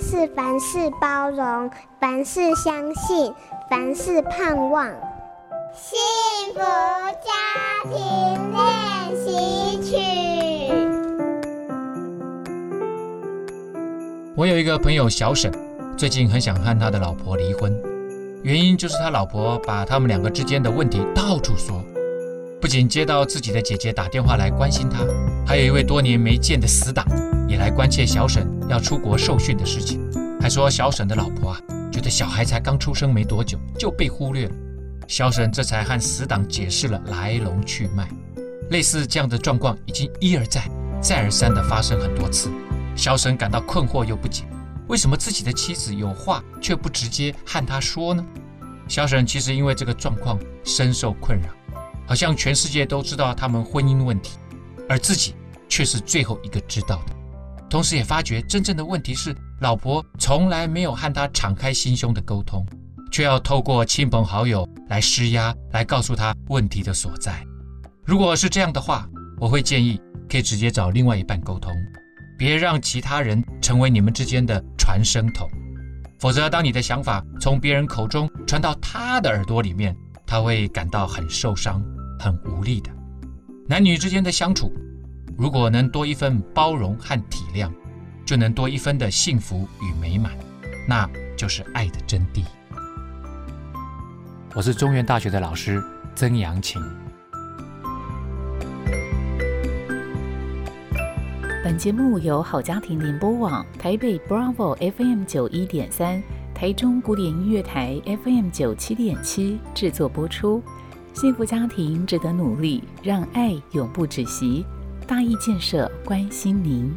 是凡事包容，凡事相信，凡事盼望。幸福家庭練習曲。我有一個朋友小沈，最近很想和他的老婆離婚，原因就是他老婆把他們兩個之間的問題到處說。不僅接到自己的姐姐打電話來關心他，還有一位多年沒見的死黨。來關切小沈要出國受訓的事情，還說小沈的老婆啊，覺得小孩才剛出生沒多久就被忽略了。小沈這才和死黨解釋了來龍去脈。類似這樣的狀況已經一而再、再而三的發生很多次。小沈感到困惑又不解，為什麼自己的妻子有話卻不直接和他說呢？小沈其實因為這個狀況深受困擾，好像全世界都知道他們婚姻問題，而自己卻是最後一個知道的。同時，也發覺真正的問題是，老婆從來沒有和他敞開心胸的溝通，卻要透過親朋好友來施壓，來告訴他問題的所在。如果是這樣的話，我會建議可以直接找另外一半溝通，別讓其他人成為你們之間的傳聲筒。否則，當你的想法從別人口中傳到他的耳朵裡面，他會感到很受傷、很無力的。男女之間的相處。如果能多一份包容和體諒，就能多一分的幸福與美滿，那就是愛的真諦。我是中原大學的老師曾陽晴。本節目由好家庭聯播網、臺北 Bravo FM 九一點三、台中古典音樂台 FM 九七點七制作播出。幸福家庭值得努力，讓愛永不止息。大邑建設關心您。